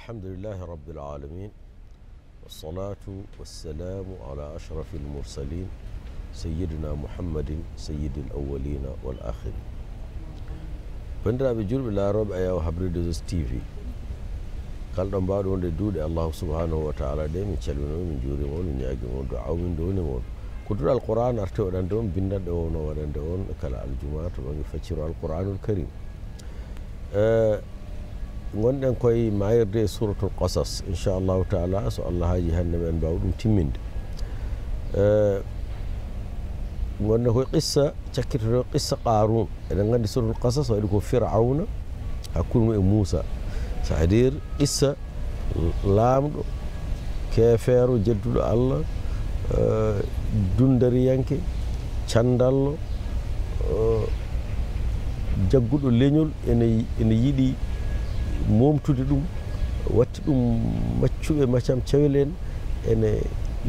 الحمد لله رب العالمين والصلاة والسلام على أشرف المرسلين سيدنا محمد سيد الأولين والآخرين bandiraɓe julɓe laaroɓe a yawa habride jos tv kalɗo mbaɗo wonde duuɗe allahu subhanahu wa taala ɗe min calminomo min juurima on min ñaagima on duaw min downima on ko duɗa alquran arte waɗande on bindanɗe o no waɗande on kala aljuma to banggue facciro alquranul karim gonɗen koye mayirde suratul qasas inchallahu taala so allah haaji hannde men en mbawa ɗum timminde gonɗen koye qissa cakkitoto qissa qarun eɗen gandi suratul qasas waɗi ko firauna hakkude mum e moussa c' à dire qissa laamɗo keefeero jedduɗo allah dundariyanke candallo jagguɗo leñol ene yiɗi momtude ɗum watti ɗum maccuɓe macam cewle en ene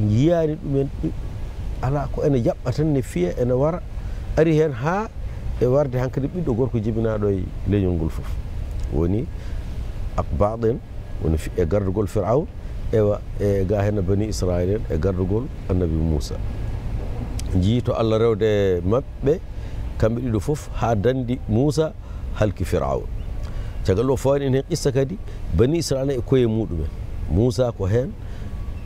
jiyani ɗumen ala ko ene yaɓɓa tan ne fiya ene wara ari hen ha e warde hankkadi ɓiɗɗo gorko jibinaɗo e leñol ngol foof woni akbad en woni e gardugol firaun ewa e ga henno e bani israil en e gardugol annabi moussa jiito allah rewde maɓɓe kamɓe ɗiɗo foof ha dandi moussa halki firaun caggal ɗo fawani en heen qissa kadi bani israila e koye muɗumen moussa ko heen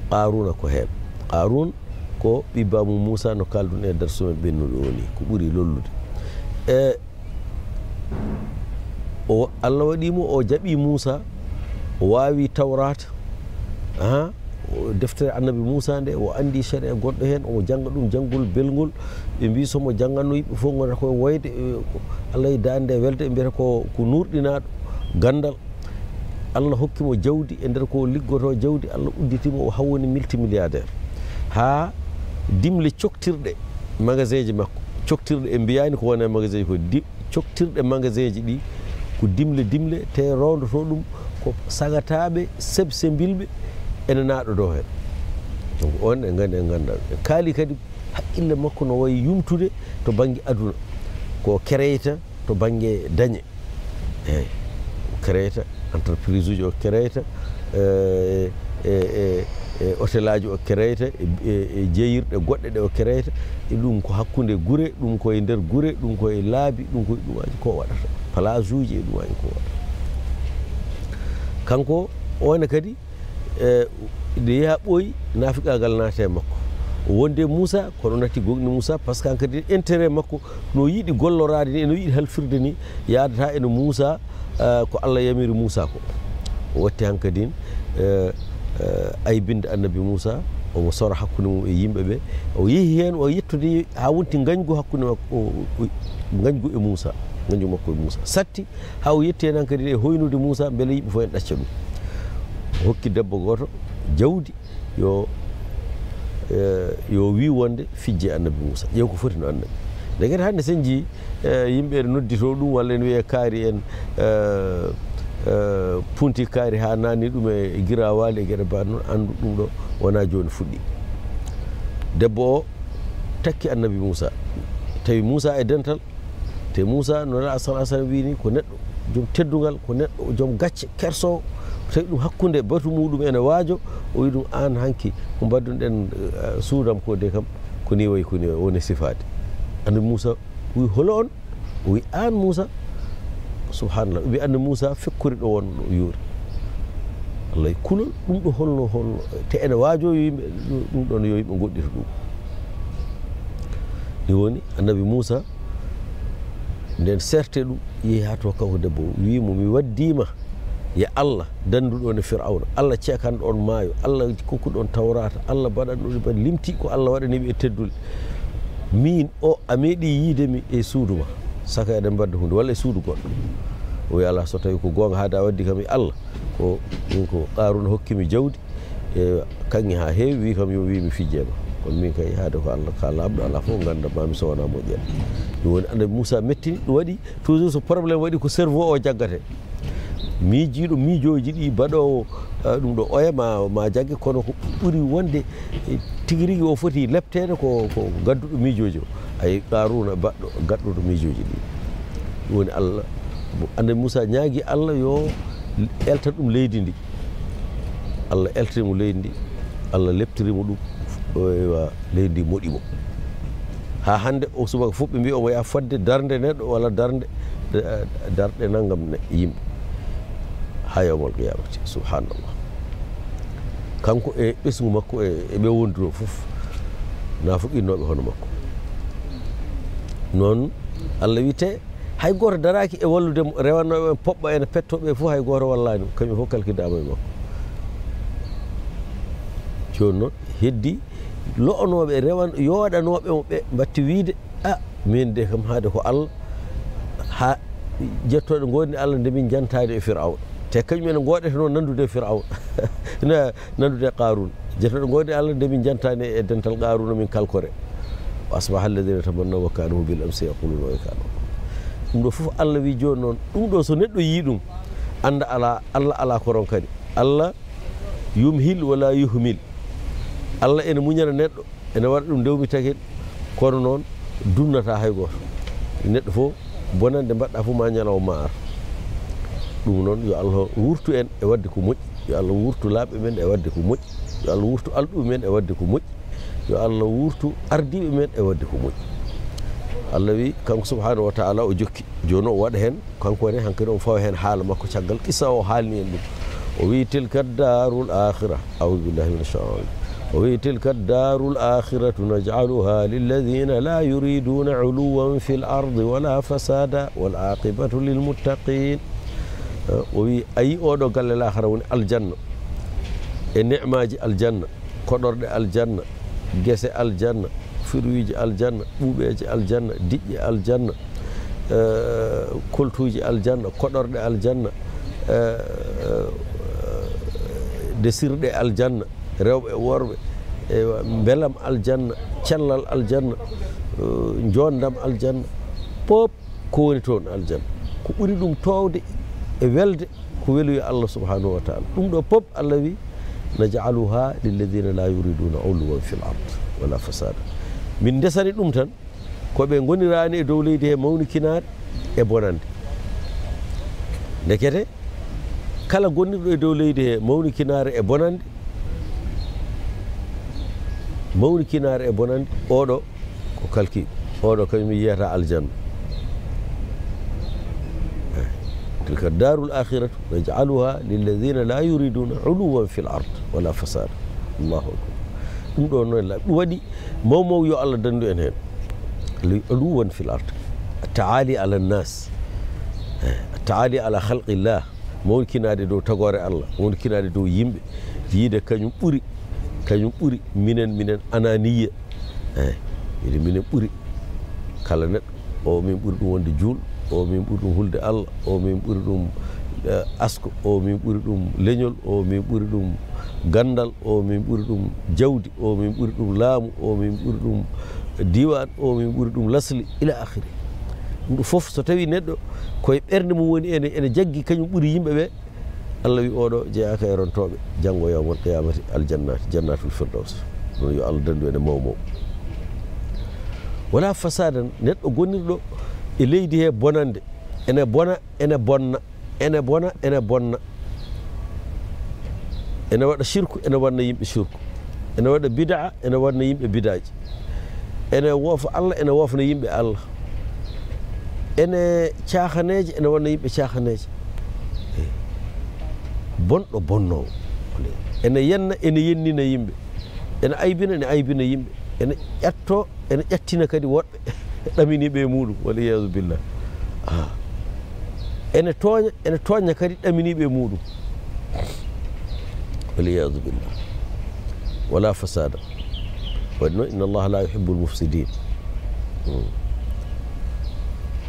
qaruna ko heen qaroun ko ɓibbamum moussa no kaldun e nder somen ɓennuɗo o ni ko ɓuri lollude e o allah waɗimo o jaɓi moussa o wawi tawrata aha deftere annabi moussa nde o andi chari a goɗɗo heen omo jannga ɗum janngol belgol ɓe mbi somo jangganno yimɓe fof gonata koye woyde e, allah e dande nde welde ɓe mbiyata ko ko nurɗinaɗo ganndal allah hokki mo jawdi e ndeer ko liggoto jawdi allah udditiimo o hawwoni multi milliardaire haa dimle coktirɗe magasin ji makko coktirɗe e mbiyaani ko wone magasin ji ko coktirɗe magasin ji ɗi ko dimle dimle te rondoto ɗum ko sagataaɓe seb sembilɓe ene naaɗodo heen donc on e nganndi e nganndal e kaali kadi haqqille makko no wayi yumtude to baŋnge aduna ko kereyta to baŋnge dañe eeyi créta entreprise uji o créta e, e, e, e hôtel aji o créta e jeyirɗe goɗɗe ɗe o créta e ɗum ko hakkude guure ɗum koye nder guure ɗum koye laabi ɗum koye ɗum waji ko waɗata place uji e ɗum waji ko waɗata kanko one kadi nde yaha ɓooyi nafiqagal naate makko wonde moussa kono natti gogni moussa par ce que an kadi intérêt makko no yiiɗi gollorade ni eno yiiɗi halfirde ni yadata eno moussa eh, ko allah yamiri moussa ko watti han kadin eh, eh, aybinde annabi moussa omo sora hakkunde mum e yimɓe ɓe o yeehi hen o yettude ha wonti gañgu hakkunde makko gañgu e moussa gañgu makko e moussa satti ha o yetti hen han kadi e hoynude moussa beele yimɓe fof en ɗacca ɗum hokki debbo goto jawdi yo Eh, yo wi wonde fijje annabi musa ƴeew ko foti no annabi nde kadi hannde sen jii eh, yimɓe ne noddito ɗum walla ene wiye kaari en eh, punti kaari ha nani ɗum e girawali e gueɗe bat noon andu ɗum ɗo wona joni fuɗɗi debbo o takki annabi moussa tawi musa e dental te musa no ala sal sallam wini ko neɗɗo jom teddugal ko neɗɗo joom gacce kersowo tawi ɗum hakkunde batu muɗum ene waajo o wi ɗum aan hanki ko mbaddunɗen eh, suudam ko de kam ko ni wayi koni wayi woni sifaade anna moussa wi holo on o wi aan moussa subhanallah wi anna moussa fekkori ɗo wonno yuuri allahy kulol ɗum ɗo holno holno te ene waajo yimɓe ɗum ɗon yo yimɓe goɗɗita ɗum ni woni annabi moussa nden serte ɗum yeehaa to kanko debbo wimo mi waddima yo allah dannduɗo ne firawna allah ceekanɗo on maayo allah kokkuɗoon tawrata allah mbaɗanɗoɗe mbaɗ limti ko allah waɗanimi e teddule min o a meeɗi yiidemi e suudu ma saka eɗen mbadde hunde walla e suudu goɗɗo o wiya ala so tawi ko goonga haada waddi kam e allah ko ɗum ko qaruna hokkimi jawdi e kaŋŋe haa heewi wi kam yo wimi fijjeema kono min kay haade ko allah ka laamɗo ala fof ngannda mami sowona moƴƴeɗa ɗum woni anda moussa mettini ɗum waɗi toujours so probléme waɗi ko cerveau o jaggate miijiiɗo miijoji ɗi mbaɗowo ɗum ɗo oya ma ma jagge kono ko ɓuri wonde e, tigi rigui o foti leɓtede ko ko gadduɗo miijoji o ayi ɓaruna baɗɗo gadɗuɗo miijoji ɗi ɗum woni allah ande moussa ñaagui allah yo elta ɗum leydi ndi allah eltanimo leydi ndi allah leptirimo ɗum ewa leydi ndi moɗimo ha hande o subaka fuɓɓe mbi omo ya fodde darde neɗɗo walla e, darde darɗe naggam yimɓe ha yawmal qiyamati subhanallah kanko e ɓesgu makko eɓe e wondiro fof nafo qinnoɓe hono makko noon allah wiite hay goto daraki e wallude rewannoɓe poɓɓa ene pettoɓe fof hay goto wallani kañum fof kalkidama e makko joni noon heddi lo'onoɓe rewan yoɗanoɓe mo ɓe mbatti wiide a min de kam haade ko allah ha jettoɗe gonni allah nde min jantade e firawɗo te kañum ene gooɗete noon nanndude firawna ina nanndude e qaaruna jetoɗo gooɗe allah nde min jantani e dental qaaruna min kalkore asbaha alladina tamanna wa kanahu bil amse yaquluna wa kano ɗum ɗo fof allah wi jooni noon ɗum ɗo so neɗɗo yii ɗum annda ala allah ala koron kadi allah yumhil wala yuhmil allah ene muñana neɗɗo ene waɗa ɗum dewmi tagi kono noon dumnata hay gooto neɗɗo fof bonande mbaɗɗa fof ma ñalawma ara دونون يالله ورتو ان اوديكو موج يالله ورتو لاب من اوديكو موج يالله ورتو الدو من اوديكو موج يالله ورتو ارديب من اوديكو موج الله وي كان سبحانه وتعالى او جوكي جونو واد هن كان كوري هان كيرو فاو هن حال ماكو شغال كيسا او حال ني اندو وي تلك الدار الاخره اعوذ بالله من الشيطان وفي تلك الدار الآخرة نجعلها للذين لا يريدون علوا في الأرض ولا فسادا والعاقبة للمتقين o wi ayi oɗo galle la hara woni aljanna e nemaji aljanna koɗorɗe aljanna guese aljanna firuiji aljanna ɓuuɓeji aljanna diƴƴi aljanna coltuji aljanna koɗorɗe aljanna desirɗe aljanna rewɓe e worɓe e mbelam aljanna cellal aljanna jondam aljanna pop ko woni toon aljanna ko ɓuri ɗum towde e welde ko weluyo allah subhanahu wa taala ɗum ɗo pop allah wi na jaaluha lilladina la yuriduna ulwan fi l ard wala fasada min ndesani ɗum tan koɓe gonirani e dow leydi he mawnikinaɗe e bonande ndekete kala gonirɗo e dow leydi he mawnikinare e bonande mawnikinare e bonande oɗo ko kalkiɓe oɗo kañum yiyata aljanna tilka daru lakhiratu najcaluha lilladina la yuriduna uluwan fi lard wala fasada allahu akbar ɗum ɗo no ɗum waɗi maw maw yo allah dandu en heen uluwan fi lard ataali ala nnas eh, a taali ala halqillah ma wonkinade dow tagore allah ma wonkinade dow yimɓe yiide kañum ɓuri kañum ɓuri minen minen ananiya ei eh, ede minen ɓuri kala neɗɗo o min ɓuri ɗum wonde juulɗo o min ɓuri ɗum hulde allah o min ɓuri ɗum asko o min ɓuri ɗum leñol o min ɓuri ɗum ganndal o min ɓuri ɗum jawdi o min ɓuri ɗum laamu o min ɓuri ɗum diwan o min ɓuri ɗum lasli ila akhiri ɗum ɗum fof so tawi neɗɗo koye ɓernde mum woni ene ene jaggi kañum ɓuri yimɓe ɓe allah wi oɗo jeyaka e rontoɓe janngo yawmon qiyamati aljannati jannatul firdaus ɗum yo allah dandu ene mawmaw wala façade neɗɗo gonirɗo e leydi he bonande ene bona ene bonna ene bona ene bonna ene waɗa sirku ene wanna yimɓe sirku ene waɗa bidaa ene wanna yimɓe bidaji ene woofa allah ene woofna yimɓe allah ene caahaneeje ene wanna yimɓe caahaneeje bonɗo bonnoowo ene yenna ene yennina yimɓe ene aybina ene aybina yimɓe ene ƴatto ene ƴattina kadi woɗɓe ɗamini ɓe muɗum waliyadu billah ene tooña ene tooña kadi ɗaminiɓe muɗum waliyadu billah wala fasada waɗi noon inna allaha la yuhibu lmufsidin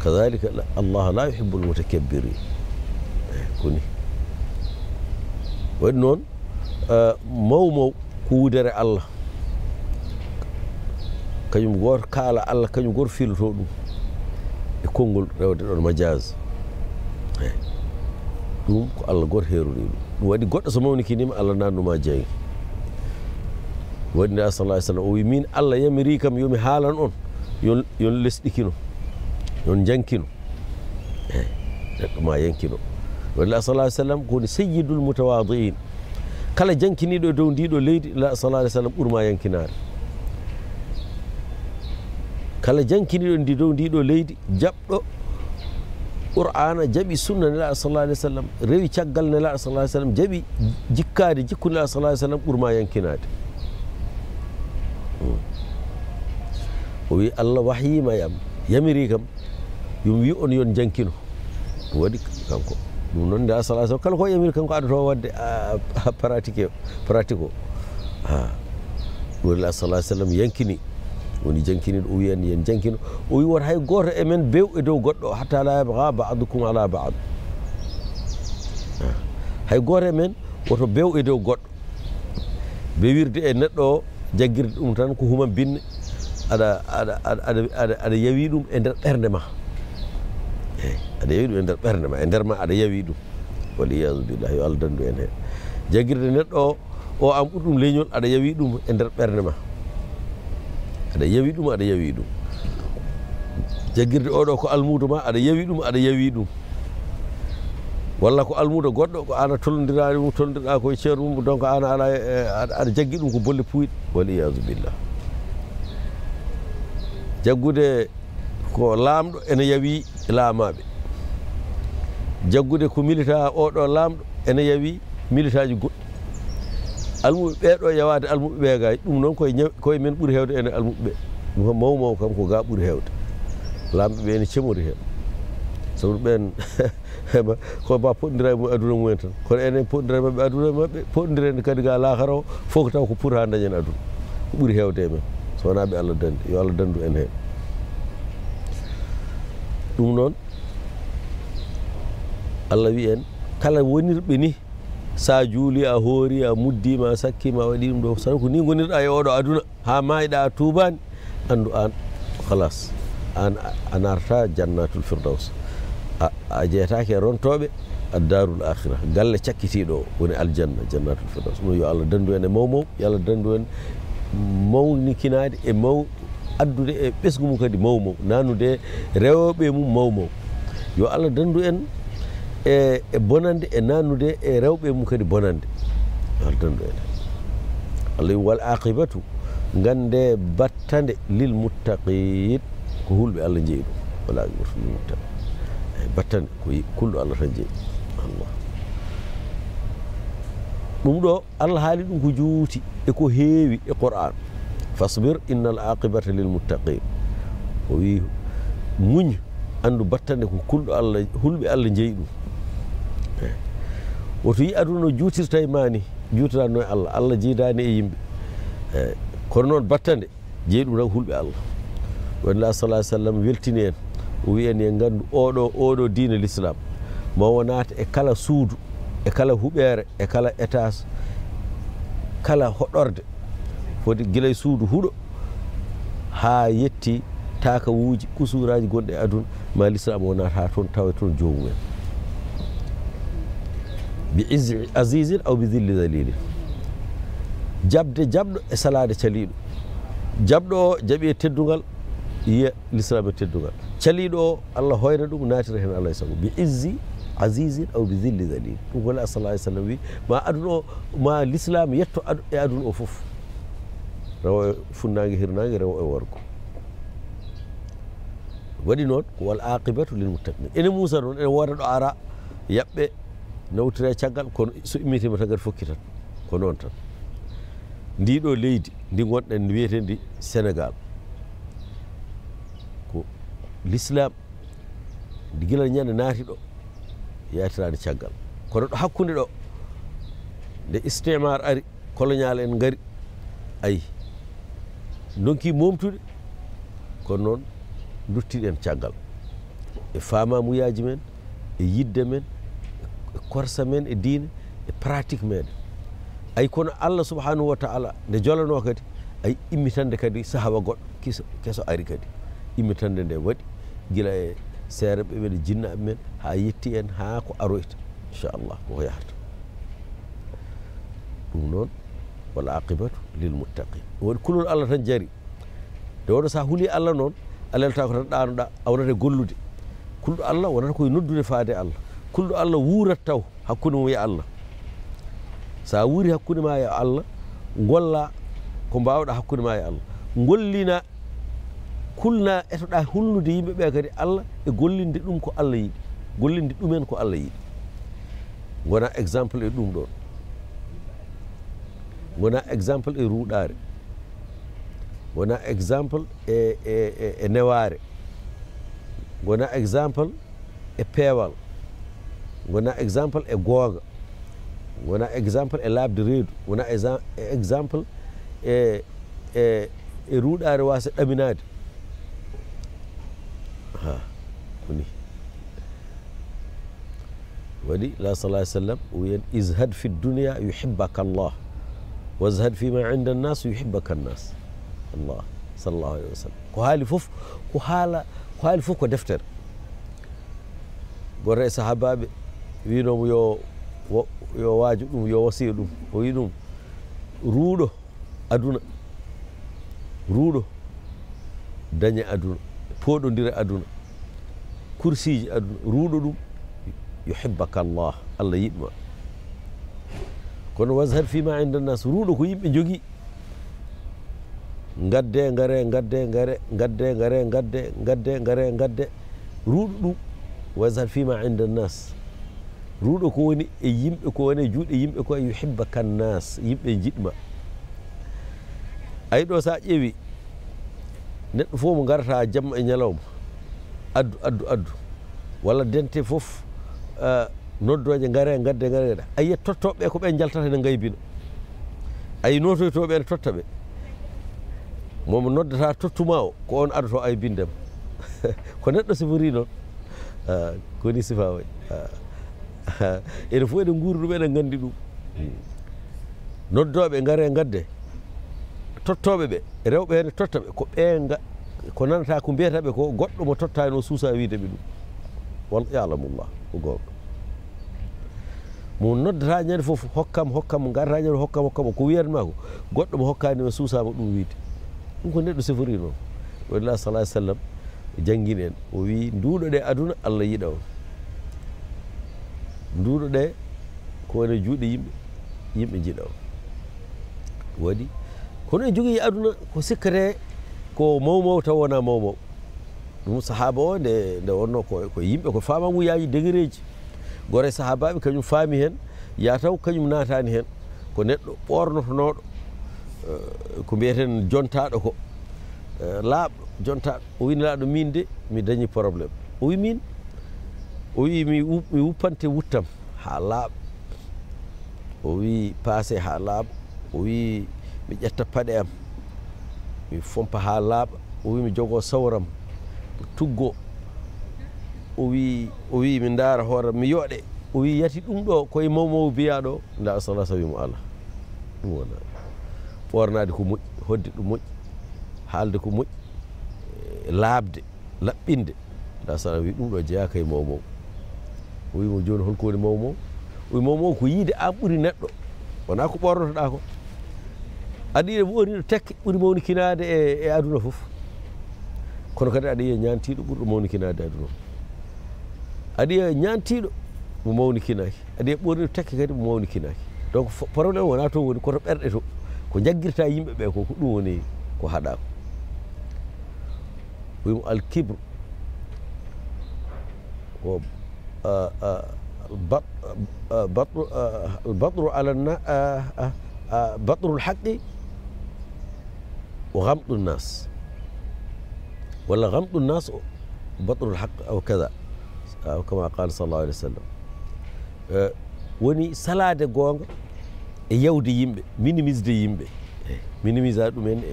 kadalika allaha la yuhibu lmutakabbirin koni waɗi noon maw maw kuwudere allah kañum goto kaala allah kañum goto filoto ɗum e konngol rewde ɗon majaz ei ɗum ko allah goto heeruni ɗum ɗum waɗi goɗɗo so mawnikinima allah nannuma jangi waɗi nda sal lah sallam o wi min allah yamiri kam yomi haalan on yon yon lesɗikino yon jankino ei neɗɗo ma yankino waɗi lah sallah sallam kowoni seyidul mutawadi in kala jankiniɗo e dow ndiɗo leydi la sallah alih sallam ɓurma yankinade kala jankiniɗo ndi dow ndiɗo leydi jaɓɗo qur'ana jaɓi sunna nelaɗo sallah alih w sallam rewi caggal nelaɗo sa ah sallam jaɓi jikkaade jikku nelaɗo sa ah sallam ɓurma yankinaade hmm. o wi allah wahyima yam yamiri kam yomi wi on yon jankino ɗum waɗi kanko ɗum noon nde sa sallam kala ko yamiri kanko adatoo waɗde pratique pratique o a ɗum wonila sa ah sallam yankini woni jankinino o wiyani yen jankino o wi wota hay goto emen bew e dow goɗɗo hatta la yaba ha badukum ala bad ah. hay goto emen woto bew e dow goɗɗo be wirde e neɗɗo o jaggirde ɗum tan ko human binne aɗa aɗa aɗa yawi ɗum e nder ɓerde ma eyi aɗa yawi ɗum e nder ɓerde e ma e nder ma aɗa yawi ɗum waliyadu billah yo allah dandu en hen jaggirde neɗɗo o o am ɓurɗum leñol aɗa yawi ɗum e nder ɓerde ma aɗa yawi ɗum aɗa yawi ɗum jaggirde oɗo ko almudo ma aɗa yawi ɗum aɗa yawi ɗum walla ko almudo goɗɗo ko an a tolodirani mum tolodirɗa koye ceer mum donc an e, e, aɗa aɗa jaggi ɗum ko bolle puyɗe waliyasu billah jaggude ko laamɗo ene yawi laamaɓe jaggude ko milita oɗo laamɗo ene yawi milita ji goɗɗi almuɓe ɓe ɗo yewaade almuɓe ɓe gay ɗum noon koye koye men ɓuri heewde en e almuɓe ɓe maw maw kam ko ga ɓuri heewde laamɓe ɓe ne cemori heen sabu ɓen ma ko ma poɗɗondira e mum aduna mumen tan kono enen poɗɗondira maɓɓe aduna maɓɓe poɗɗondirende kadi ga laakara o fof ko taw ko pour ha dañen aduna ko ɓuri heewde e men so wonaɓe allah dandi yo allah dandu en heen ɗum noon allah wi en kala wonirɓe ni sa juuli a hoori a muddima a sakkima a waɗi ɗum ɗo tan ko ni gonirɗa e oɗo aduna ha mayiɗa a tubani andu an halas an a narata jannatul firdaus a jeetake rontoɓe addarul akhira galle cakkitiɗo o woni aljanna jannatul firdaus ɗum yo allah dandu en e maw maw yo allah dandu en mawni kinade e maw addude e ɓesgu mum kadi maw maw nanude rewoɓe mum maw maw yo allah dandu en e e bonande e nannude e rewɓe mum kadi bonande haldanɗo ene allah yim wal aqibatu ngande battande lil muttaqin ko hulɓe allah jeeyi ɗum wala aqibatu lil muttaqi eyi battande ko kulɗo allah tan jeeyi allah ɗum ɗo allah haali ɗum ko juuti e ko heewi e qur'an fasbir inna al aqibata lil muttaqin o wi muñ anndu battande ko kulɗo allah hulɓe allah jeeyi ɗum woto yi aduna juutirta e mani juutirano e allah allah jiidani e yimɓe eyi kono noon battande jeeyi ɗum tan hulɓe allah wonla salah sallam weltini en o wi en en nganndu oɗo oɗo diine l' islam ma wonata e kala suudu e kala huɓeere e kala étage kala hoɗorde foti gila e suudu huuɗo haa yetti taaka wuuji kusuraji gonɗe e aduna ma l' islam wonata ha toon tawa e toon jomumen bi izi asisin aw bi zilli dalilin jaɓde jaɓɗo e salade caliɗo jaɓɗo o jaɓi e teddugal yiya l'islam e teddugal caliɗo o allah hoyna ɗum natira heen alah e sago bi izzi asisin aw bi zilli dalil ɗum koni a salah sallam wi ma aduna o ma l'islam yetto e aduna o fof rewo e funnague hirnague rewo e wargo waɗi noon ko wal aqibatu lilmutaqmin ene muusa noon ene wooda ɗo ara yaɓɓe nawtira e caggal kono so immitima tagati fokki tan ko noon tan ndiɗo leydi ndi gonɗen ndi wiyetendi sénégal ko l' islam ndi gilal ñande naati ɗo yaytirani caggal kono ɗo hakkude ɗo nde istémar ari colonial en gaari ayi donki momtude kono noon duttiɗen caggal e famamuyaji men e yidde men korsa men e diine e pratique meeɗen ayi kono allah subahanahu wa taala nde jolanoo kadi ay immitande kadi sahaba goɗɗo kiso keso ari kadi immitande nde waɗi gila e seereɓe men e jinnaɓe men haa yetti en haa ko aroyta inchallah koko yahata ɗum noon wala aqibatu lil muttaqin waɗi kulol allah tan jari nde wono so a huuli allah noon alaltaa ko tan ɗaanoɗa a wonata e gollude kulɗo allah wonata koye noddude faade allah kulɗo allah wuurat taw hakkunde mum yo allah so a wuuri hakkunde ma yo allah golla ko mbawɗa hakkunde ma yo allah gollina kulna etoɗa hulnude yimɓeɓe kadi allah e gollinde ɗum ko allah yiɗi gollinde ɗumen ko allah yiɗi gona exemple e ɗum ɗon gona exemple e ruuɗare gona exemple e e, e, e neware gona exemple e peewal ngona example e goonga wona exemple e laabde reedu wona exemple e e e ruuɗaare waasa ɗaminaade ha koni waɗi la sala sallam o wiyen ishad fi dunia yuhibaka llah washad fima inda nnas yuhibaka nnas allah sallllahu alih wa sallam ko haali fof ko haala ko haali fof ko deftere goto e sahabaɓe winomo yo yo waaju ɗum yo wasiya ɗum o wi ɗum ruuɗo aduna ruuɗo daña aduna pooɗodira aduna kursiji aduna ruuɗo ɗum yuhibbaka llah allah yiɗma kono wasar fima indannas ruuɗo ko yimɓe jogii gadde gare gadde gare gadde gare gadde gadde gare gadde ruuɗo ɗum wasar fima indannas ruuɗo ko woni e yimɓe ko woni e juuɗe yimɓe ko e yuhibba kannas yimɓe jiɗma ayi ɗo so a ƴeewi neɗɗo fof mo ngarata jamma e ñalawma addu addu addu walla dente fof uh, noddoje ngare gadde gareeɗa ayiya tottoɓe ko ɓen jaltata ene gaybina ayi notoytoɓe ene totta ɓe momo noddata tottuma o ko on adoto aybindema ko neɗɗo sifori noon uh, koni sifa wa uh, ene fof eɗen guuri ɗum eɗen nganndi ɗum noddooɓe ngare ngadde tottooɓe ɓe rewɓe heene totta ɓe ko ɓeenga ko nanataa ko mbiyata ɓe ko goɗɗo mo tottaani e o suusa wiide ɓe ɗum walla yaalamullah ko gooɓa mo noddataa ñande fof hokkam hokkam ngarataa ñande hokkam hokkam ko wiyatmaa ko goɗɗo mo hokkaani e suusaama ɗum wiide ɗum ko neɗɗo sefori noon wallah sala sallam janngini en o wii nduuɗo ɗe aduna allah yiɗa on nduuɗo ɗe ko wone juuɗe yimɓe yimɓe njiɗa o waɗi kono e jogii aduna ko sikkate ko mawmaw taw wona mawmaw ɗum sahaaba o nde nde wonno koko yimɓe ko faama nguyaaji degereji gore sahaabaɓe kañum faami heen yataw kañum naataani heen ko neɗɗo ɓoornotonooɗo eh, ko mbiyeten jontaaɗo ko eh, laaɓɗo jontaaɗo o winilaaɗo min de mi dañi probléme o wi min o wi mi wuppante wuttam haa laaɓ o wii passé haa laaɓ o wii mi ƴetta paɗe am mi fompa haa laaɓa o wii mi jogoo sawram mi tuggoo o wii o wii mi ndaara hoore mi yoɗe o wii yati ɗum ɗo koye mawmawo biyaaɗo nda sala sa wiimo alaa ɗum wona ɓoornaade ko moƴƴi hodde ɗo moƴƴi haalde ko moƴƴi laaɓde laɓɓinde nda sala wii ɗum ɗo jeyaa koye mawmawo o wiimo jooni holko woni mawmo o o wi mawmo o ko yiide an ɓuri neɗɗo wonaa ko ɓornotoɗaa ko aɗa yiya woni ɗo tekke ɓuri mawni kinaade e e aduna fof kono kadi aɗa yiya ñaantiiɗo ɓurɗo mawni kinaade e aduna o aɗa yiya ñaantiiɗo mo mawni kinaaki aɗa yiya ɓorniɗo tekke kadi mo mawni kinaaki donc probléme wonaa toon woni koto ɓerɗe to ko jaggirta yimɓe ɓee ko ko ɗum woni ko haɗaako wiimo alkibre o بطر البطر على آه، آه، آه، النا... بطر الحق وغمط الناس ولا غمط الناس بطر الحق او كذا او كما قال صلى الله عليه وسلم وني صلاة جون يودي يمبي مينيميز دي يمبي مينيميز هادو من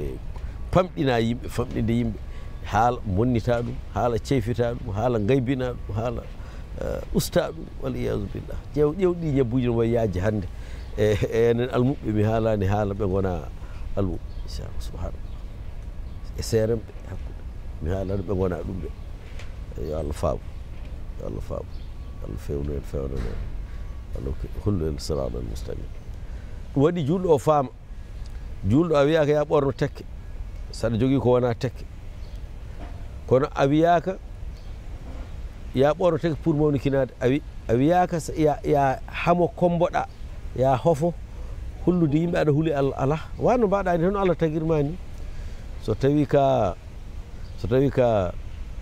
فمتنا يمبي فمتنا دي يمبي حال مونيتادو حال تشيفيتادو حال غيبينادو حال Uh, usta ɗum waliyasu billah ƴeew ƴewɗi ñabbuji no wayaji hannde e eh, enen eh, almuɓɓe mi haalani haala ɓe gona almuɓɓe inchallah subhanallah e seeremɓe hakkude mi haalano ɓe gona ɗum ɓe eh, yo allah faamu yo allah faamu allah fewnu en fewnana en allah hollu en sirano al mustaqim ɗum waɗi julɗo o faama julɗo a wiyaka ya ɓorno tekke saɗa jogii ko wona tekke kono a wiyaka ya ɓoro tagi pour mawnikinade awi a wiyaka ya hamo comboɗa ya hofo hullude yimɓe aɗa huuli allah ala wano mbaɗani tan allah tagirmani so tawi ka so tawi ka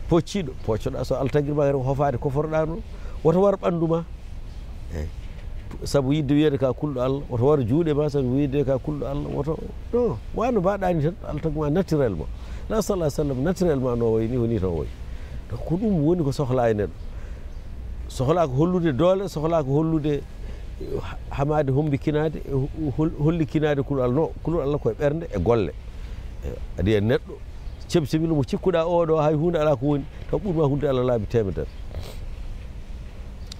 pocciɗo poccoɗa so allah tagirma ken hofade koforoɗa no woto waro ɓanduma eyi saabu yidde wiyede ka kulɗo allah woto waro juuɗe ma saabu wiyde ka kulɗo allah woto non wano mbaɗani tan allah tagima naturellement la sa alah sallam naturellement no wayni woni to woy ko ɗum woni ko sohla e neɗɗo sohlaa ko hollude doole sohlaa ko hollude hamaade hombi kinaade e holli kinaade kulol allah no kulol allah koye ɓernde e golle adi e neɗɗo cebsimila mo cikkuɗaa oɗo hay hunde alaa ko woni taw ɓurma hunde allah laabi teme tan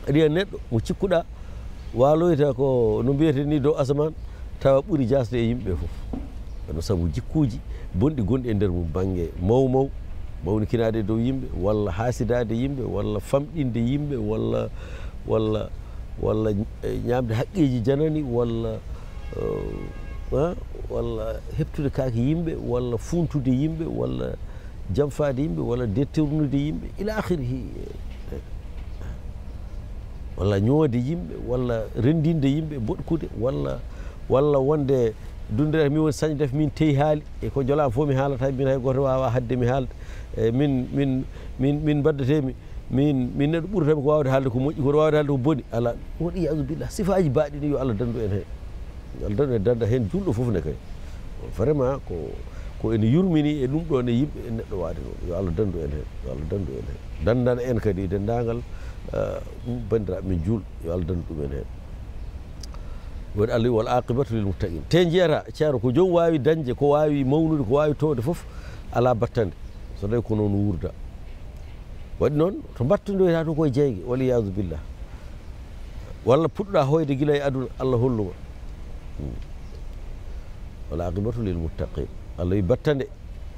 aɗi e neɗɗo mo cikkuɗaa waaloyta ko no mbiyete ni dow asaman tawa ɓuri jasde e yimɓe ɓee fof eno sabu jikkuuji bonɗi gonɗi e ndeer mum baŋnge maw maw mawnikinaade dow yimɓe walla haasidaade yimɓe walla famɗinde yimɓe walla walla walla e, ñaamde haqqeeji janani walla euh, ah, walla heɓtude kaake yimɓe walla fuuntude yimɓe walla jamfaade yimɓe walla détournude yimɓe ila akhiri e, walla ñoode yimɓe walla renndinde yimɓe boɗkude walla walla wonde dundere mi woni sañdef min teyi haali e ko jola fomi haalata min hay goto wawa hadde mi haalde e min min min min baddatemi min min neɗɗo ɓuuratami ko wawde haalde ko moƴƴi koto wawde haalde ko booni ala woɗi adoubillah sifaji baɗi ni yo allah dandu en hen allah dandu en danda hen julɗo foof ne kay vraiment ko ko ene yurmini e ɗum ɗo ne yimɓe e neɗɗo waade noon yo allah dandu en hen yo allah dandu en hen dandana en kadi e dendagal uh, bandiraɓe min juulɗo yo allah dandu ɗum en hen woni allah wi wol aqibatu lil muttaqin te jiyata ceero ko jom wawi dañde ko wawi mawnude ko wawi towde foof ala battande so tawi ko noon wurda waɗi noon to battodoyta to koye jeyge waliyadu billah walla puɗɗoɗa hoyde guila e aduna allah holluma hmm. wol aqibatu lil muttaqin allah wi battande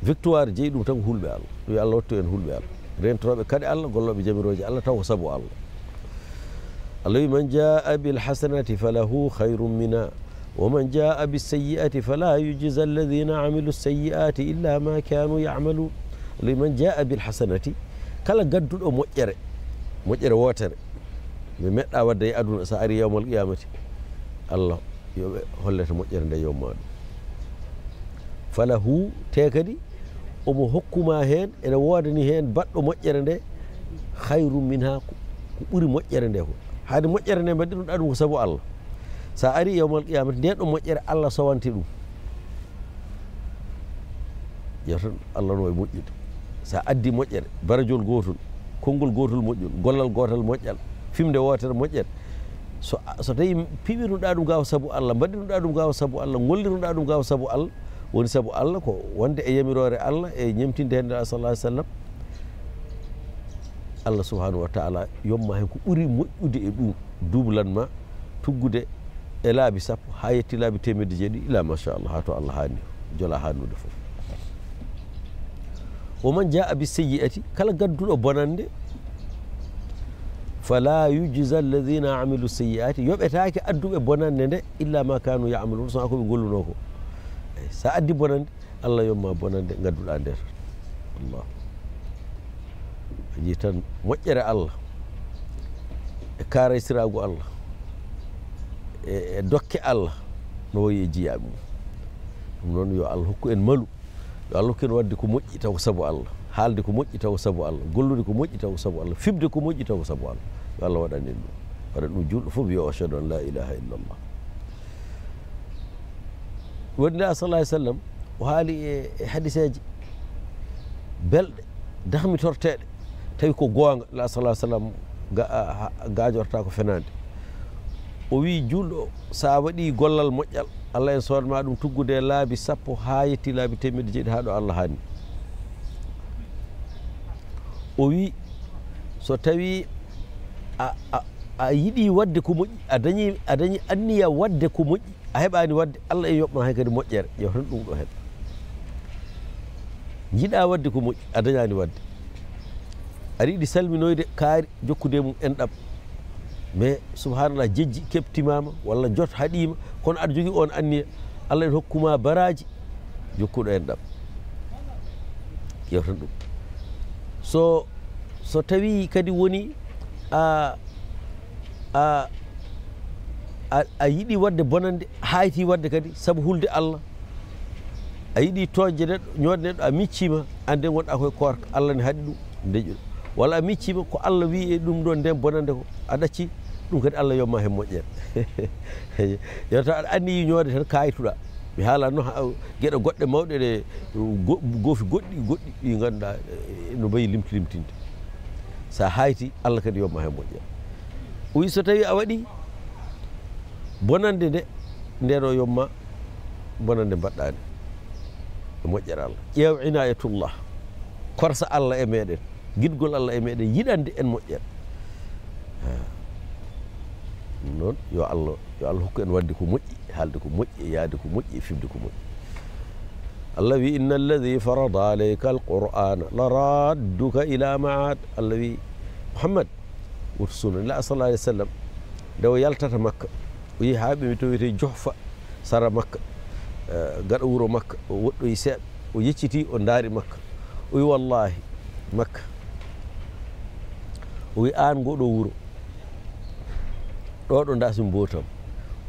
victoire jeeyi ɗum tan ko hulɓe allah wi allah wattu en hulɓe allah rentoroɓe kaɗe allah golloɓe jamiroji allah taw ko sabu allah الله من جاء بالحسنة فله خير منها ومن جاء بالسيئة فلا يجزى الذين عملوا السيئات إلا ما كانوا يعملون الله من جاء بالحسنة kala gadduɗo moƴƴere moƴƴere wootere nde meɗɗa wadde e aduna so ari yawmal qiyamati allah yoɓe hollete moƴƴere nde yawma ɗum fala hu te kadi omo hokkuma heen ene woodani heen baɗɗo moƴƴere nde hayrum min ha ko ɓuri moƴƴere nde ko haade moƴƴere nde mbaɗ ɗinoɗa ɗum ko sabu allah so ari yewmal qiyamata nden ɗo moƴƴere allah sowante ɗum yewtan allah no e moƴƴude so addi moƴƴere baradiol gotol konngol gotol moƴƴol gollal gotal moƴƴal fimde wootere moƴƴere so so tawi piɓinoɗa ɗum gawa sabu allah mbaɗɗinoɗa ɗum gawa sabu allah gollinoɗa ɗum gawa sabu allah woni sabu allah ko wonde e yamirore allah e ñemtinde hen nde a sallah ah sallam allah subahanahu wa taala yomma hen ko ɓuuri moƴƴude e ɗum dublanma tuggude e laabi sappo ha yetti laabi temedde jeeɗi ila machallah ha to allah hanni jola hannude foof woman jaa bi seyi'ati kala gadduɗo bonande fala yujusa alladina amilu seyi'ati yoɓetake adduɓe bonande nde illa ma kanu yamalun sona koɓe golluno ko eyi sa addi bonande allah yomma bonande gadduɗa nder allahu ji tan moƴƴere allah e karaysiraagu allah e, e dokke allah no wayi e jiyaaɓe mum ɗum noon yo allah hokku en malu yo allah hokku en waɗde ko moƴƴi taw sabu allah haalde ko moƴƴi taw sabu allah gollude ko moƴƴi taw sabu allah fiɓde ko moƴƴi taw sabu allah yo allah waɗanen ɗum waɗa ɗum julɗo fof yo achadu an la ilaha illallah wonndi a sallah i sallam o haali e, e hadiseeje belɗe dahmitorteeɗe tawi ko goonga la sa sallam gaajorta ko fenaande o wii juulɗo so a waɗi gollal moƴƴal allah en soodama ɗum tuggude laabi sappo haa yetti laabi temedde jeeɗi haa ɗo allah haanni o wii so tawi a yiɗi waɗde ko moƴƴi a dañi a dañi anniya waɗde ko moƴƴi a heɓaani waɗde allah en yoɓma hay kadi moƴƴere ƴewtan ɗum ɗo heɓa jiɗa waɗde ko moƴƴi a dañaani waɗde aɗa yiɗi salminoyde kaari jokkude mum en ɗam mais subhanallah jejji keɓtimama walla jot haɗima kono aɗa jogui on anniya allah en hokkuma baraji jokkuɗo en ɗam yewtan ɗum so so tawi kadi woni a a a yiɗi wadde bonande hayti wadde kadi saabu hulde allah a yiɗi toñde neɗɗo ñoode neɗɗo a miccima ande gonɗa koye korka allah ne haɗi ɗum dejuɗo walla a miccima ko allah wi e ɗum ɗon nden bonande ko a ɗacci ɗum kadi allah yomma heen moƴƴen yewta aɗa anniyi ñoode tan kayituɗa mi haala no geɗe goɗɗe mawɗe ɗe goofi goɗɗi goɗɗi ɗi ngannduɗa e, no mbayi limti limtinde so a hayti allah kadi yomma heen moƴƴen oyi so tawi a waɗi bonande nde ndeno yomma bonande mbaɗɗaande e moƴƴere allah ƴeew inayatullah korsa allah e meɗen guidgol allah e meeɗen yiɗande en moƴƴere ɗum noon yo allah yo allah hokku en wadde ko moƴƴi haalde ko moƴƴi e yaade ko moƴƴi e fimde ko moƴƴi allah wi inna alladi farada aleyka alqur'ana la radduka ila maad allah wi mouhammad woto sunanila sallah alih w sallam nde o yaltata makka o yehi haa ɓe towiyete johfa sara makka e, gaɗa wuro makka o woɗɗoyi seeɗa o yecciti o ndaari makka o wi wallahi makka o wi aan ngooɗoo wuro ɗo ɗo ndasim botam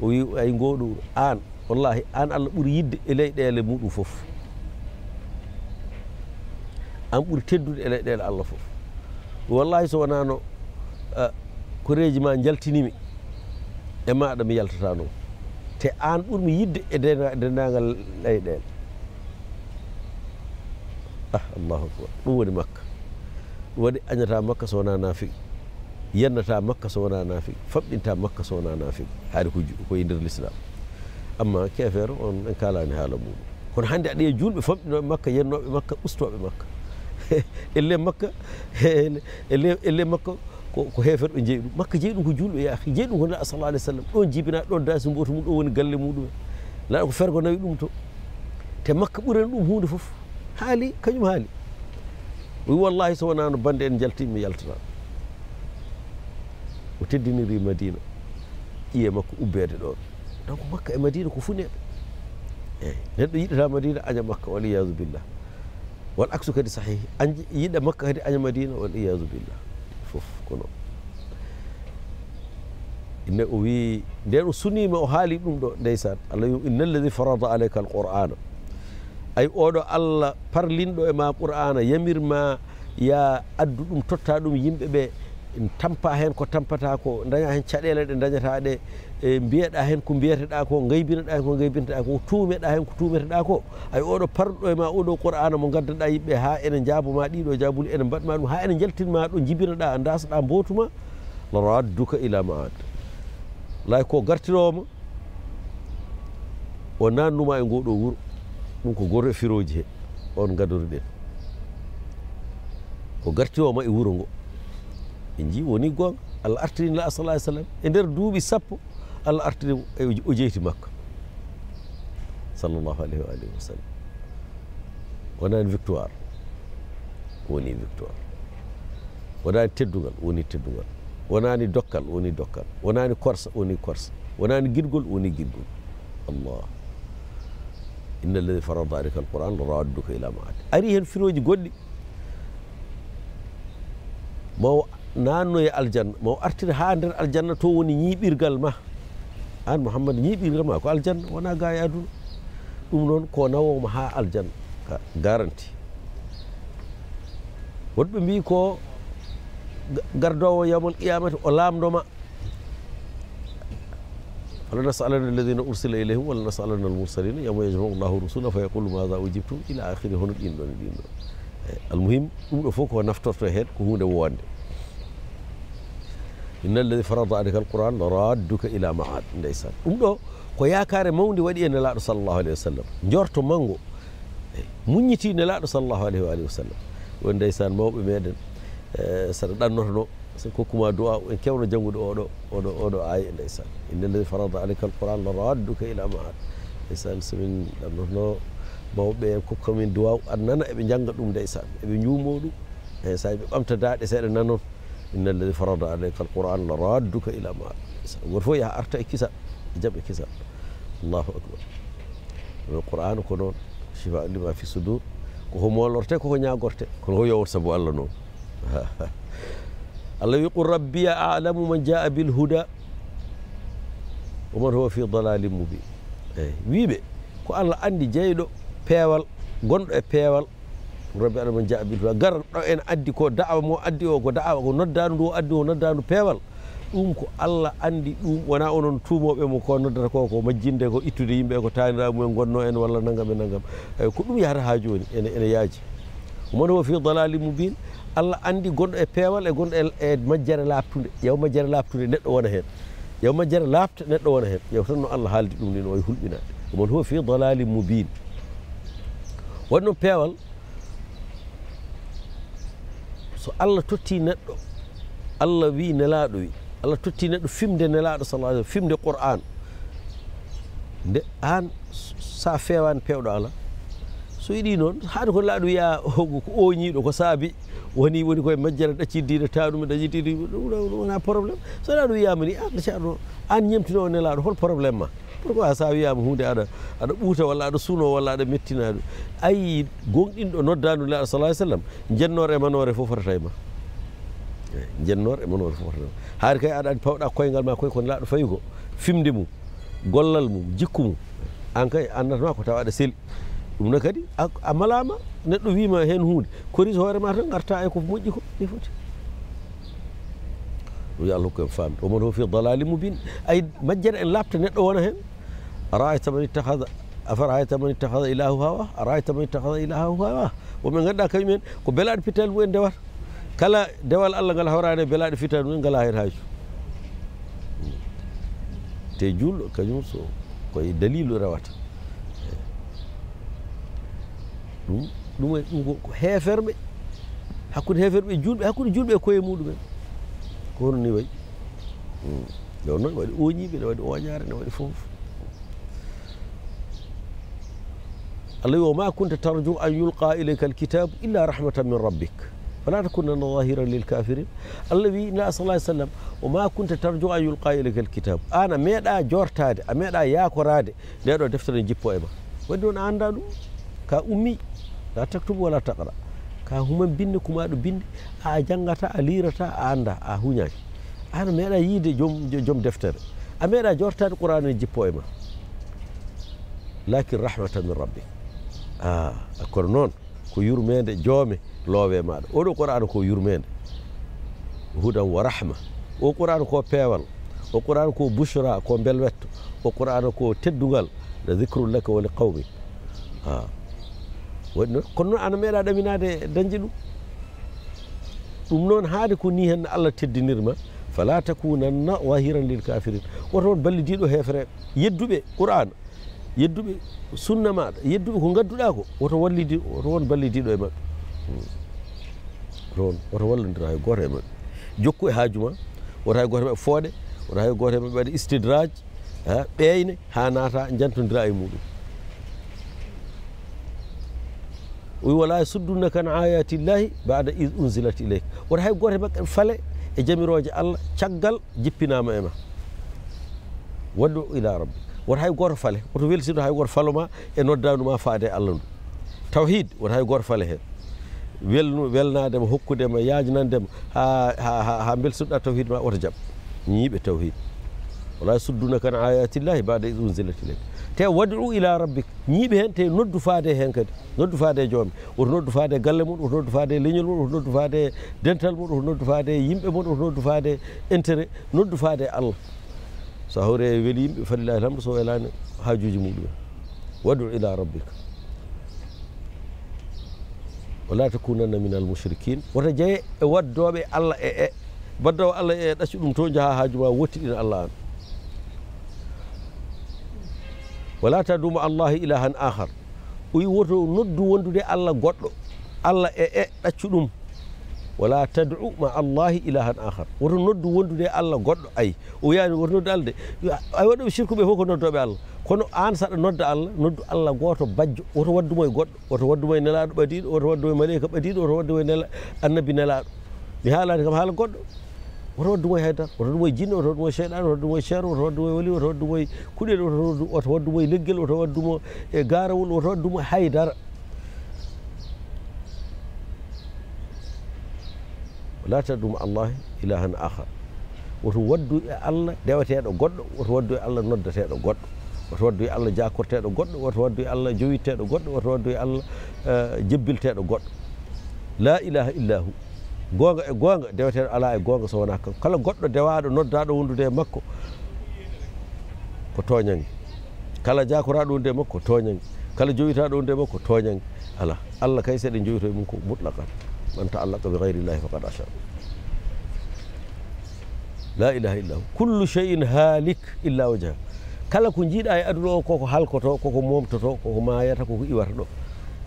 o wi ay ngooɗo wuro aan wallahi aan allah ɓuri yidde e leyɗeele muɗum fof aan ɓuri teddude e leyɗeele allah fof wallahi so wonaano ko reeji ma jaltinimi e maɗa mi yaltata noon te aan ɓurmi yidde e dendaangal leyɗeele ah allahu akbar ɗum woni ma woni añata makka sowona nafiqi yennata makka sowona nafiqi famɗinta makka sowona nafiqi haade koye nder l'islam amma kefere on en kalani haala muɗum kono hannde aɗa e julɓe famɗinoɓe makka yennoɓe makka ustoɓe makka elle makka elle makka ko heefere ɗo jeeyi ɗum makka jeeyi ɗum ko julɓe yaahi jeeyi ɗum ko nela sallah alih w sallam ɗon jibina ɗon daasi mboto mum ɗon woni galle muɗumen laaɗa ko fergo nawi ɗum to te makka ɓurani ɗum hunde fof haali kañum haali wi wallahi so wonano bande en jalti mi yaltata o teddiniri madina ƴiye makko ubbede ɗon donc makka e madina ko funeɓe eyi neɗɗo yiɗata madina aña makka waliyasu billah wal axu kadi sahih yiɗa makka kadi aña madina waliyasu billah foof kono ne o wi nden o sunima o haali ɗum ɗo ndeysan allah wi innallahi farada aleyka alqur'ana ayi oɗo allah parlinɗo e ma qur'ana yamirma ya addu ɗum totta ɗum yimɓe ɓe tampa hen ko tampata ko daña hen caɗele ɗe dañata ɗe e mbiyeɗa hen ko mbiyeteɗa ko gaybinoɗa hen ko gaybinteɗa ko tumeɗa hen ko tumeteɗa ko ay oɗo parɗo e ma oɗo qur'ana mo gaddaɗa yimɓe ha ene jaaboma ɗiɗo jabuli ene mbaɗma ɗum ha ene jaltinma ɗo jibinoɗa dasaɗa mbotuma radduka ila ma ad lay ko gartiroma o nannuma e ngoɗo wuuro ɗum ko goro e firoji he on gaduru ɗen ko garti oma e wuro ngo ɓe ji woni gonga allah artirini laa salah sallam e nder duuɓi sappo allah artirim e o jeyti makko sallllahu alayhi wa alihi wa sallam wonani victoire woni victoire wonani teddugal woni teddugal wonani dokkal woni dokkal wonani korsa woni korsa wonani guiɗgol woni guiɗgol allah inna alladi farada alika alquran radduka ila maadi ari heen firoji goɗɗi maw nannoye aljanna maw artir haa nder aljanna to woni ñiiɓirgal ma an mouhammad ñiiɓirgal ma ko aljanna wona ga e aduna ɗum noon ko nawoma haa aljanna ka garanti woɗɓe mbi ko gardowo yamal qiyamata o laamdoma فلنسألن الذين أرسل إليهم ولنسألن المرسلين يوم يجمع الله الرسل فيقول ماذا أجبتم إلى آخر هنا الإنو الإنو المهم أمنا فوق ونفترت هيد كهون وواند إن الذي فرض عليك القرآن لرادك إلى معاد ليس أمنا قيا كار موندي ودي أن لا صلى الله عليه وسلم جورت مانغو منيتي أن لا صلى الله عليه وآله وسلم وإن ديسان موب ميدن سردان أنه كوكما دعاء إن كانوا جمعوا دعاء دعاء دعاء دعاء آية الإنسان إن الذي فرض عليك القرآن لرادك إلى معاد الإنسان سمين لأنه ما هو بيهم كوكما دعاء أننا إبن جنغة دعاء الإنسان إبن يومو الإنسان إيه بقام تدعاء الإنسان إن الذي فرض عليك القرآن لرادك إلى معاد الإنسان ورفو يها أرتع كسا جمع الله أكبر القرآن كنون شفاء لما في صدور وهو مولورتك وهو نعقورتك كنه يورسبو الله نون allah wi qul rabbiya alamu man jaa bilhuda oman huwa fi dalalin mubin eyi wiiɓe ko allah anndi jeyɗo peewal gonɗo e peewal rabbi alamu man jaa bilhuda gara ɗo en addi ko da'awa mo addi o ko da'awa ko noddaandu ndu o addi o noddaandu peewal ɗum ko allah anndi ɗum wonaa onon tuumooɓe mo ko noddata ko ko majjinde ko ittude yimɓe ko taaniraamumen gonno en walla nanngam e nanngam eyi ko ɗum yahata haa jooni ene ene yaaji oman huwa fi dalalin mubin allah anndi gonɗo e peewal e gonɗo e majjere laaɓtunde yew majjere laaɓtunde neɗɗo wona heen yew majjere laaɓta neɗɗo wona heen yew tan no allah haaldi ɗum nin o e hulɓinaade omon huwa fi dalali mobine waɗi noon peewal so allah tottii neɗɗo allah wii nelaaɗo wi allah tottii neɗɗo fimde nelaaɗo sala sallm fimde qur'an nde aan so a feewaani peewɗo alaa so yiɗii noon haade ko laaɗo wiyaa ko ooñiiɗo ko saabi woni woni koye majjere ɗaccitdiɗo taɗuma e dañitiɗo ɗum wona probléme so ɗa ɗum wiyama ni anda ah, caɗo an ñemtino o nelaɗo hol probléme ma pourquoi sa wiyama hunde aɗa aɗa ɓuuta walla aɗa suuno walla aɗa mettinaɗo ayi gonɗinɗo noddanu laɗo salah ai sallam jennore e manore fof fotata e ma jennore e manore fof fotatama e haade kay aɗa andi pawɗa koyngal ma koye kon laɗo fayi ko fimde mum gollal mum jikku mum an kay annatama ko tawa aɗa seeli ɗum no kadi a malama neɗɗo wima hen hunde koris hoorema tan garta e ko moƴƴi ko ni foti ɗum yo allah hokku en famde omon ho fi dalali mubine ay majjere en labta neɗɗo wona hen araayta man ittahada afaraayta man ittahada ilahu hawa araayta man ittahada ilahahu hawa omin ganduɗa kañumen ko belaɗo pitali mumen ndewata kala dewal allah ngal hawrani e belaɗo fitali mumen ngala hen haaju hmm. te juulɗo kañum so koye dalilu rewata دوما هافر بي هكون هافر بي جول بي هكون جول بي كوي مود بي كون ني وي لو نو وي اوني بي لو دو وانيار نو وي فوف الله وما كنت ترجو ان يلقى اليك الكتاب الا رحمه من ربك فلا تكن ظاهرا للكافرين الذي لا صلى الله عليه وسلم وما كنت ترجو ان يلقى اليك الكتاب انا ميدا جورتاد ميدا ياكوراد ديدو دفتر جيبو ايما ودون اندادو كا امي la taktubu wala taqra ka human binni kuma do binde a janngata a lirata a annda a huñaki an meeɗa yiide jom deftere a meeɗa jortade qur'an e jippo e ma lakin rahmatan min rabbi a kono noon ko yurmede joome loowe maɗa oɗo quran ko yurmede hudan wa rahma o qur'an ko peewal o quran ko bushra ko belwetto o qur'an ko teddugal le dicrullaka wali qawmi a waɗi noon kono noon ana meeɗa ɗaminade dañde ɗum ɗum noon haade ko ni hen allah teddinirma fala takunanna wahiran lil kafirin woto on ballidiɗo hefreɓe yedduɓe qur'ana yedduɓe sunna maɗa yedduɓe ko gadduɗa ko woto wallidi woto won ballidiɗo e maɓɓe toon woto wallodira hay e goto e maɓɓe jokku e haajuma woto hay goto e maɓɓe fooɗe woto hay goto e maɓɓe waɗa istidrage ha ɓeyne ha naata jantodira e muɗum wala sudduna kan ayati llahi bada id unsilat ileyk wata hay goto makke fale e jamiroje allah caggal jippinama ema waddu ila rabbi wata hay goto fale woto welsino hay goto faloma e noddanuma faade allah ndu tawhid wata hay goto fale hen welnu welnadema hokkudema yajnandema ha ha ha belsinoɗa tawhid ma oto jaab ñiiɓe tawhid wala sudduna kan ayati llahi bada id unsilat ileyk te wadde ɗum ila rabbik ñiiɓe heen te noddu faade heen kadi noddu faade e joomi woto noddu faade galle mum woto noddu faade leñol mum woto noddu faade dental mum woto noddu faade yimɓe mum woto noddu faade intérêt noddu faade allah so hawre weli yimɓe fadillahi lhamdu so welaani haajuji muɗum wadu ila rabbik wala takunanna min al mushrikin woto jeye e waddooɓe allah e e baddoo allah e ɗaccu ɗum to jaha haaju ma wottiɗin allah an wala taduma allahi ilahan ahar ɓuyi woto noddu wondude allah goɗɗo allah e e ɗaccu ɗum wala tadu ma allahi ilahan ahar woto noddu wondude allah goɗɗo ayi o wiyani woto noddu allah de a waɗoɓe sirkuɓe fof ko noddoɓe allah kono an saɗa nodda allah noddu allah goto bajjo woto waddumo e goɗɗo woto waddumo e nelaɗo ɓadiɗo woto waddumo e maleyka ɓadiɗo woto waddumo e annabi nelaɗo mi haalani kam haala goɗɗo oto waddu woye haydara oto waddu woye jinne oto waddu woye seeɗaane oto waddu woye seero oto waddu woye olie oto waddu woye kuɗel oto waddu woye leggel oto waddumo e gaarawol oto waddumo haydara laata ɗum allah ilahan ahar woto waddu e allah deweteeɗo goɗɗo woto waddu e allah noddateeɗo goɗɗo oto waddu e allah jakorteeɗo goɗɗo oto waddu e allah jowitteeɗo goɗɗo oto waddu e allah eh, jebbilteeɗo goɗɗo la ilaha illa hu goonga e goonga deweteeɗo alaa e goonga so wonaa kanko kala goɗɗo dewaaɗo noddaaɗo wondude e makko ko tooñange kala jaakoraaɗo wondude e makko ko tooñange kala joyitaaɗo wondude e makko tooñange alaa allah kay so eɗen joyito e mum ko mutlaqan man ta allaqa bi gayrillahi faqad achar la ilaha illa hu kullu cheyin haalik illa wajaha kala ko njiiɗaa e aduna o koko halkoto koko momtoto koko maayata koko iwata ɗo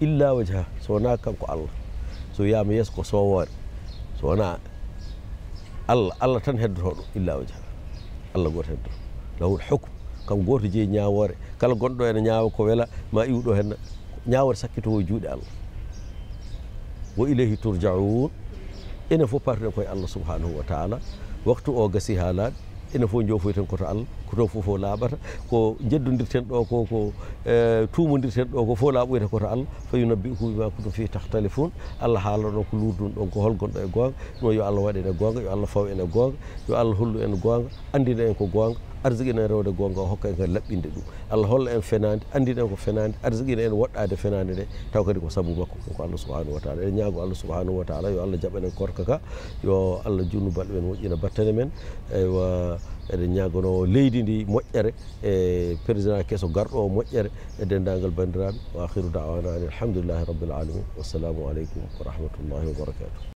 illa wajaha so wonaa kanko allah so wiyaama yeeso ko soowoore so wonaa allah allah tan heddotoo ɗum illa o jaa allah gooto heddoto lawol hokum kam gooto jeyi ñaawoore kala gonɗo ene ñaawa ko wela ma iwɗo henna ñaawore sakkito o juuɗe allah wo ilayhi tourjaun enen fof partiɗen koye allah subhanahu wa taala waktu o gasii haa laaɗi ene fof jofoyten koto allah koto fof fof laaɓata ko jeddodirten ɗo ko ko e, tumodirten ɗo ko fof laaɓoyta koto allah fayi nabbi kuɓi ma ko ɗum fewi tak téléphone allah haalano ko lurdun ɗon ko holgonɗo e goonga ɗum yo allah waɗe en e goonga yo allah faw en e goonga yo allah hollu en goonga andina en ko goonga arsiguina en rewde gonga o hokka en kadi laɓɓinde ɗum allah holla en fenade andinen ko fenade arsiguina en woɗɗade fenade nde taw kadi ko saabu makko ko allah subahanahu wa taala eɗen ñaago allah subahanahu wa taala yo allah jaɓan en korka ka yo allah junnu baɗo men moƴƴina battane men eywa eɗen ñagono leydi ndi moƴƴere e président keso garɗo o moƴƴere e dendagal bandiraɓe wa ahiru dawana an alhamdulillahi rabbil alamin wassalamu aleykum wa rahmatullahi wa barakatuh